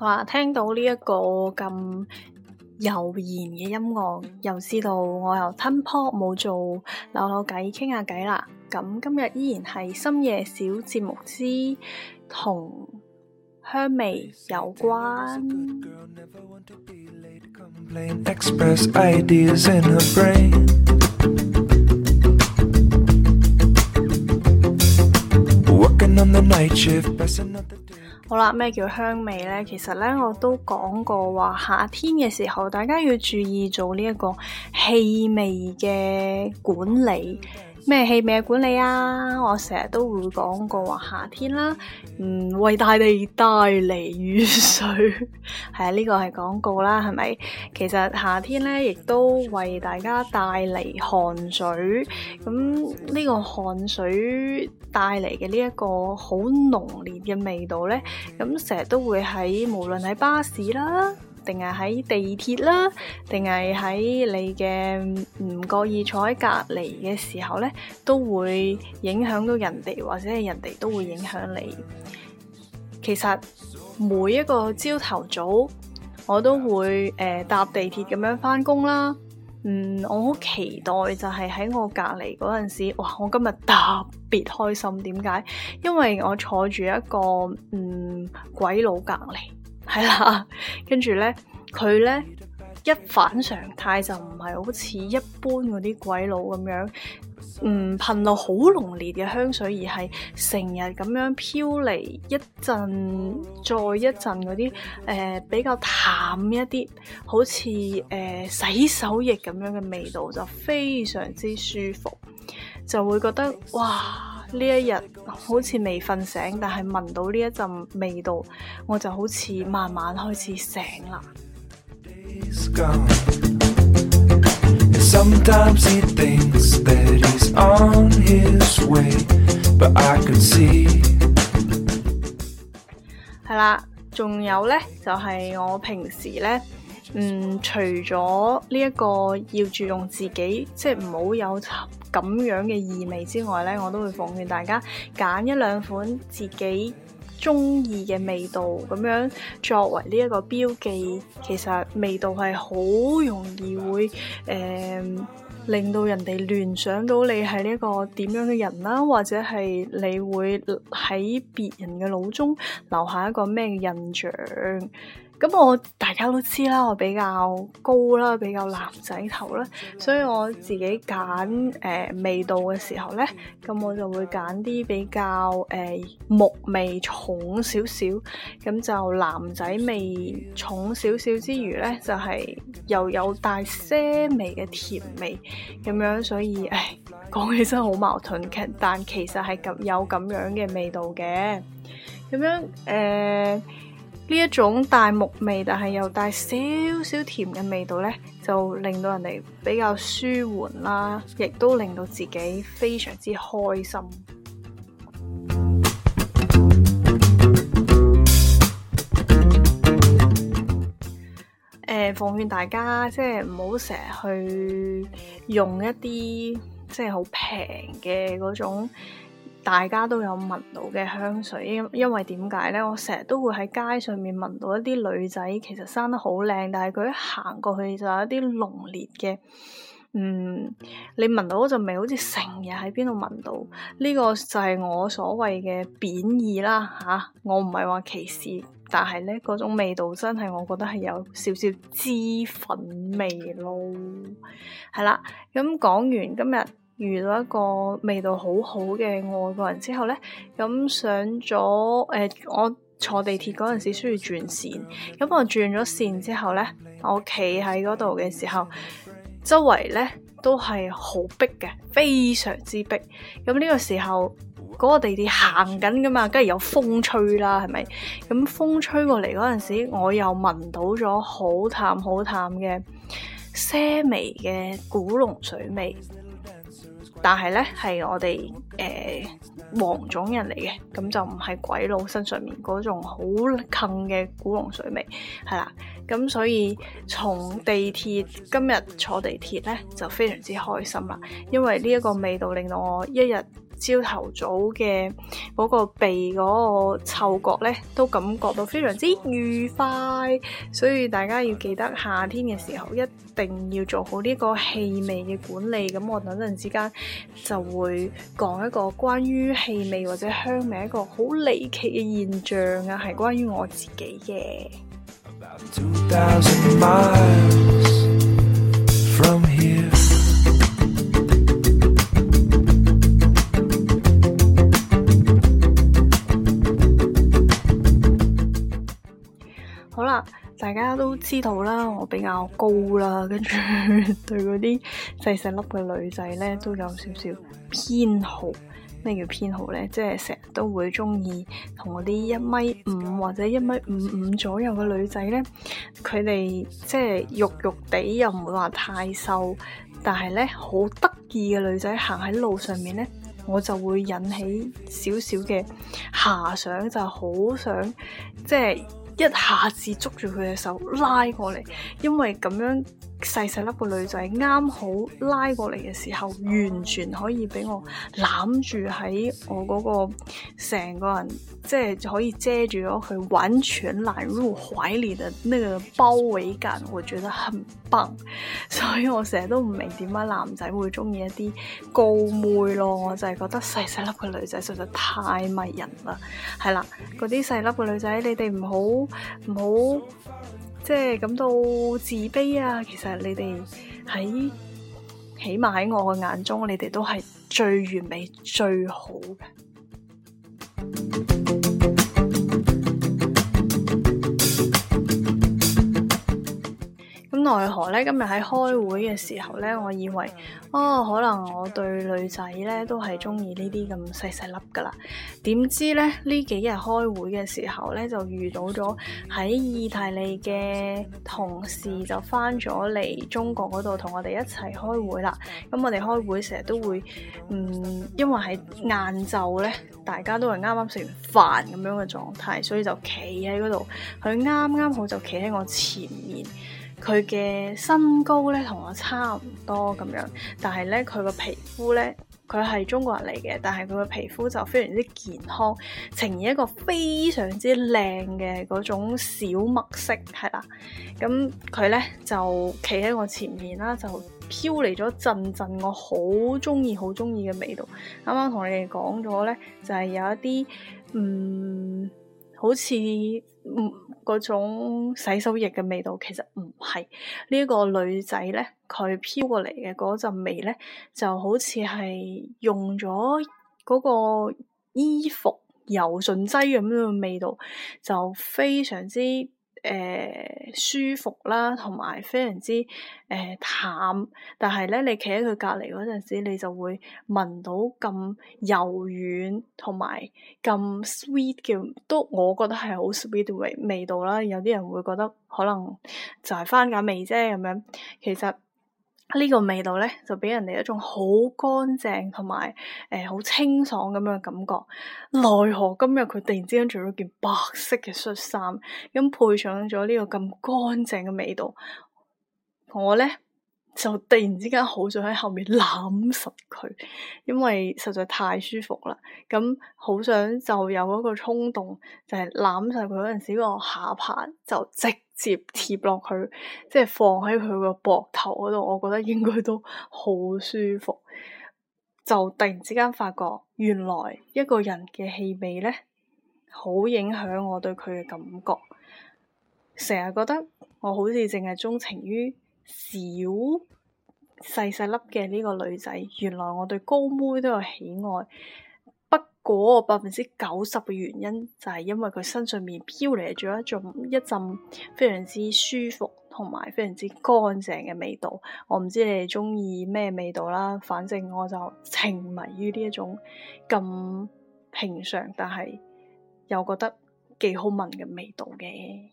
哇！聽到呢一個咁悠然嘅音樂，又知道我又 turn off 冇做扭扭計傾下偈啦。咁今日依然係深夜小節目之同香味有關。好啦，咩叫香味呢？其實呢，我都講過話，夏天嘅時候大家要注意做呢一個氣味嘅管理。咩氣味嘅管理啊？我成日都會講過話，夏天啦。嗯，為大地帶嚟雨水，係。 啊、嗯，呢個係廣告啦，係咪？其實夏天咧，亦都為大家帶嚟汗水，咁呢個汗水帶嚟嘅呢一個好濃烈嘅味道咧，咁成日都會喺無論喺巴士啦，定係喺地鐵啦，定係喺你嘅唔覺意坐喺隔籬嘅時候呢，都會影響到人哋，或者係人哋都會影響你。其實每一個朝頭早，我都會誒搭地鐵咁樣返工啦。嗯，我好期待就係喺我隔籬嗰陣時，哇！我今日特別開心，點解？因為我坐住一個嗯鬼佬隔籬。係啦，跟住咧，佢咧一反常態就唔係好似一般嗰啲鬼佬咁樣，唔噴到好濃烈嘅香水，而係成日咁樣飄嚟一陣再一陣嗰啲誒比較淡一啲，好似誒、呃、洗手液咁樣嘅味道，就非常之舒服，就會覺得哇！呢一日好似未瞓醒，但係聞到呢一陣味道，我就好似慢慢開始醒啦。係啦，仲有呢，就係、是、我平時呢。嗯，除咗呢一個要注重自己，即係唔好有咁樣嘅異味之外呢，我都會奉勸大家揀一兩款自己中意嘅味道咁樣作為呢一個標記。其實味道係好容易會誒、呃、令到人哋聯想到你係呢一個點樣嘅人啦、啊，或者係你會喺別人嘅腦中留下一個咩印象。咁我大家都知啦，我比較高啦，比較男仔頭啦，所以我自己揀誒、呃、味道嘅時候呢，咁我就會揀啲比較誒、呃、木味重少少，咁就男仔味重少少之餘呢，就係、是、又有帶些微嘅甜味咁樣，所以誒，講起身好矛盾，但其實係咁有咁樣嘅味道嘅，咁樣誒。呃呢一種帶木味，但係又帶少少甜嘅味道呢就令到人哋比較舒緩啦，亦都令到自己非常之開心。誒，奉、 呃、勸大家即係唔好成日去用一啲即係好平嘅嗰種。大家都有聞到嘅香水，因因為點解咧？我成日都會喺街上面聞到一啲女仔，其實生得好靚，但係佢一行過去就有一啲濃烈嘅，嗯，你聞到嗰陣味好似成日喺邊度聞到。呢個就係我所謂嘅貶義啦，嚇！我唔係話歧視，但係咧，嗰種味道真係我覺得係有少少脂粉味咯。係啦，咁講完今日。遇到一個味道好好嘅外國人之後呢，咁上咗誒、呃，我坐地鐵嗰陣時需要轉線，咁我轉咗線之後呢，我企喺嗰度嘅時候，周圍呢都係好逼嘅，非常之逼。咁呢個時候，嗰、嗰個地鐵行緊噶嘛，跟住有風吹啦，係咪？咁風吹過嚟嗰陣時，我又聞到咗好淡好淡嘅些微嘅古龍水味。但係咧，係我哋誒、呃、黃種人嚟嘅，咁就唔係鬼佬身上面嗰種好近嘅古龍水味，係啦，咁所以從地鐵今日坐地鐵咧，就非常之開心啦，因為呢一個味道令到我一日。朝頭早嘅嗰個鼻嗰個嗅覺呢，都感覺到非常之愉快，所以大家要記得夏天嘅時候一定要做好呢個氣味嘅管理。咁我等陣之間就會講一個關於氣味或者香味一個好離奇嘅現象啊，係關於我自己嘅。About 大家都知道啦，我比較高啦，跟住對嗰啲細細粒嘅女仔呢，都有少少偏好。咩叫偏好呢？即係成日都會中意同嗰啲一米五或者一米五五左右嘅女仔呢。佢哋即係肉肉地又唔會話太瘦，但係呢，好得意嘅女仔行喺路上面呢，我就會引起少少嘅遐想，就好想即係。一下子捉住佢隻手拉過嚟，因為咁樣。細細粒個女仔啱好拉過嚟嘅時候，完全可以俾我攬住喺我嗰、那個成個人，即係可以遮住咗佢完全攬入懷裏嘅呢個包圍感，我覺得很棒。所以我成日都唔明點解男仔會中意一啲高妹咯，我就係覺得細細粒嘅女仔實在太迷人啦。係啦，嗰啲細粒嘅女仔，你哋唔好唔好。即係感到自卑啊！其實你哋喺，起碼喺我嘅眼中，你哋都係最完美、最好嘅。奈何咧？今日喺開會嘅時候咧，我以為哦，可能我對女仔咧都係鍾意呢啲咁細細粒噶啦。點知咧呢幾日開會嘅時候咧，就遇到咗喺意大利嘅同事就返咗嚟中國嗰度同我哋一齊開會啦。咁我哋開會成日都會嗯，因為喺晏晝咧，大家都係啱啱食完飯咁樣嘅狀態，所以就企喺嗰度。佢啱啱好就企喺我前面。佢嘅身高咧同我差唔多咁樣，但係咧佢個皮膚咧，佢係中國人嚟嘅，但係佢個皮膚就非常之健康，呈現一個非常之靚嘅嗰種小麥色，係啦。咁佢咧就企喺我前面啦，就飄嚟咗陣陣我好中意、好中意嘅味道。啱啱同你哋講咗咧，就係有一啲嗯，好似唔。嗯嗰種洗手液嘅味道，其實唔係呢個女仔咧，佢飄過嚟嘅嗰陣味咧，就好似係用咗嗰個衣服柔順劑咁樣嘅味道，就非常之。誒、呃，舒服啦，同埋非常之誒、呃、淡，但係咧，你企喺佢隔籬嗰陣時，你就會聞到咁柔軟同埋咁 sweet 嘅，都我覺得係好 sweet 嘅味味道啦。有啲人會覺得可能就係番梘味啫咁樣，其實。呢個味道咧，就畀人哋一種好乾淨同埋誒好清爽咁樣嘅感覺。奈何今日佢突然之間着咗件白色嘅恤衫，咁、嗯、配上咗呢個咁乾淨嘅味道，我咧就突然之間好想喺後面攬實佢，因為實在太舒服啦。咁、嗯、好想就有一個衝動，就係攬實佢嗰陣時，個下巴就直。接貼落佢，即係放喺佢個膊頭嗰度，我覺得應該都好舒服。就突然之間發覺，原來一個人嘅氣味呢，好影響我對佢嘅感覺。成日覺得我好似淨係鍾情於小細細粒嘅呢個女仔，原來我對高妹都有喜愛。嗰百分之九十嘅原因就係因為佢身上面飄嚟咗一種一陣非常之舒服同埋非常之乾淨嘅味道。我唔知你哋中意咩味道啦，反正我就沉迷於呢一種咁平常但係又覺得幾好聞嘅味道嘅。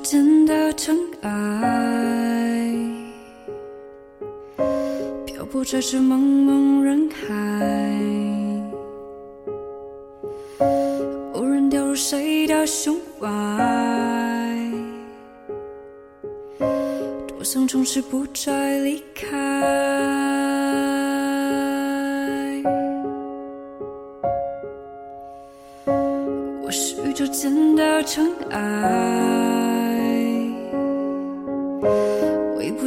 宇宙間的塵埃，漂泊在這茫茫人海，無人掉入誰的胸懷，多想從此不再離開。我是宇宙間的塵埃。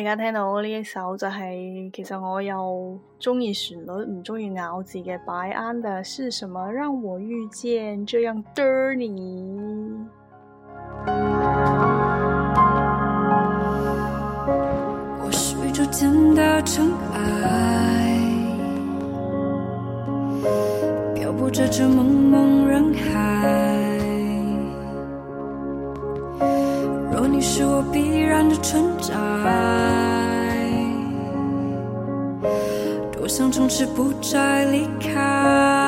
大家聽到我呢一首就係、是，其實我有中意旋律，唔中意咬字嘅。白安嘅是什麼讓我遇見這樣的你？我是宇宙間的塵埃，漂泊在這茫茫。你是我必然的存在，多想從此不再離開。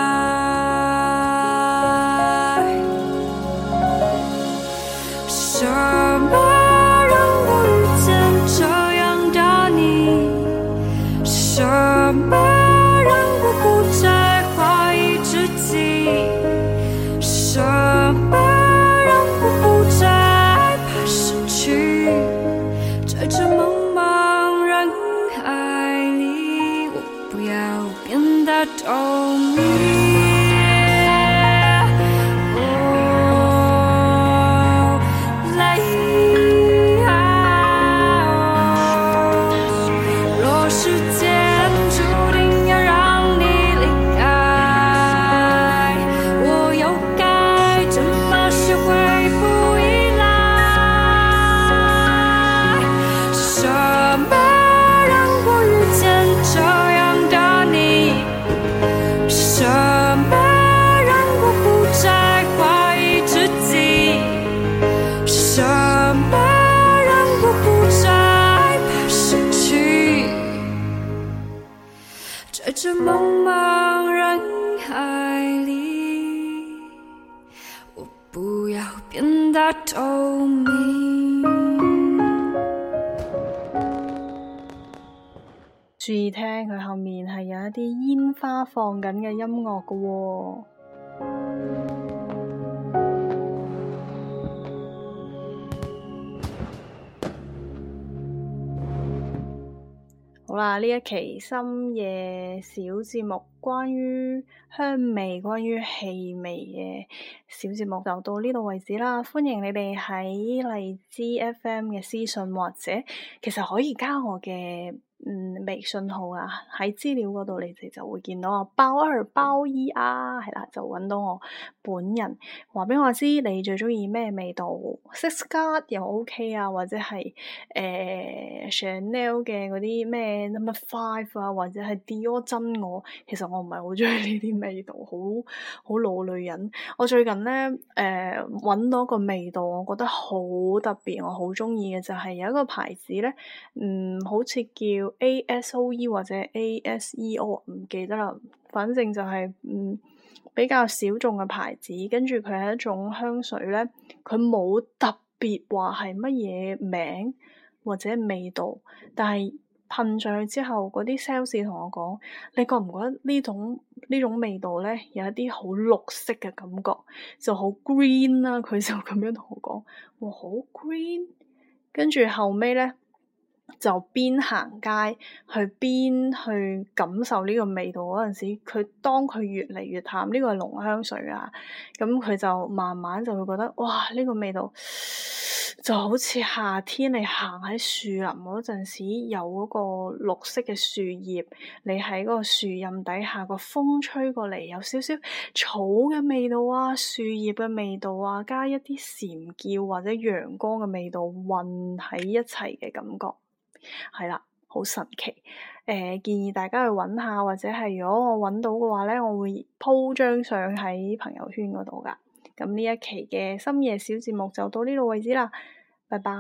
注意聽，佢後面係有一啲煙花放緊嘅音樂㗎喎。好啦，呢一期深夜小節目關於香味、關於氣味嘅小節目就到呢度為止啦。歡迎你哋喺荔枝 FM 嘅私信或者，其實可以加我嘅。嗯，微信號啊，喺資料嗰度你哋就會見到包包啊，包二包一啊，係啦，就揾到我本人，話畀我知你最中意咩味道，six god 又 OK 啊，或者係誒、呃、Chanel 嘅嗰啲咩 number five 啊，或者係 Dior 真我，其實我唔係好中意呢啲味道，好好老女人。我最近呢，誒、呃、揾到個味道，我覺得好特別，我好中意嘅就係有一個牌子咧，嗯，好似叫。A.S.O.E 或者 A.S.E.O 唔、哦、記得啦，反正就係、是、嗯，比較小眾嘅牌子，跟住佢係一種香水咧，佢冇特別話係乜嘢名或者味道，但係噴上去之後嗰啲 sales 同我講，你覺唔覺得呢種呢種味道咧有一啲好綠色嘅感覺就好 green 啦、啊，佢就咁樣同我講，哇、哦、好 green，跟住後尾咧。就邊行街去邊去感受呢個味道嗰陣時，佢當佢越嚟越淡，呢個係濃香水啊。咁佢就慢慢就會覺得哇，呢個味道就好似夏天你行喺樹林嗰陣時，有嗰個綠色嘅樹葉，你喺嗰個樹蔭底下個風吹過嚟，有少少草嘅味道啊，樹葉嘅味道啊，加一啲蟬叫或者陽光嘅味道混喺一齊嘅感覺。係啦，好神奇，誒、呃，建議大家去搵下，或者係如果我搵到嘅話咧，我會鋪張相喺朋友圈嗰度㗎。咁呢一期嘅深夜小節目就到呢度為止啦，拜拜。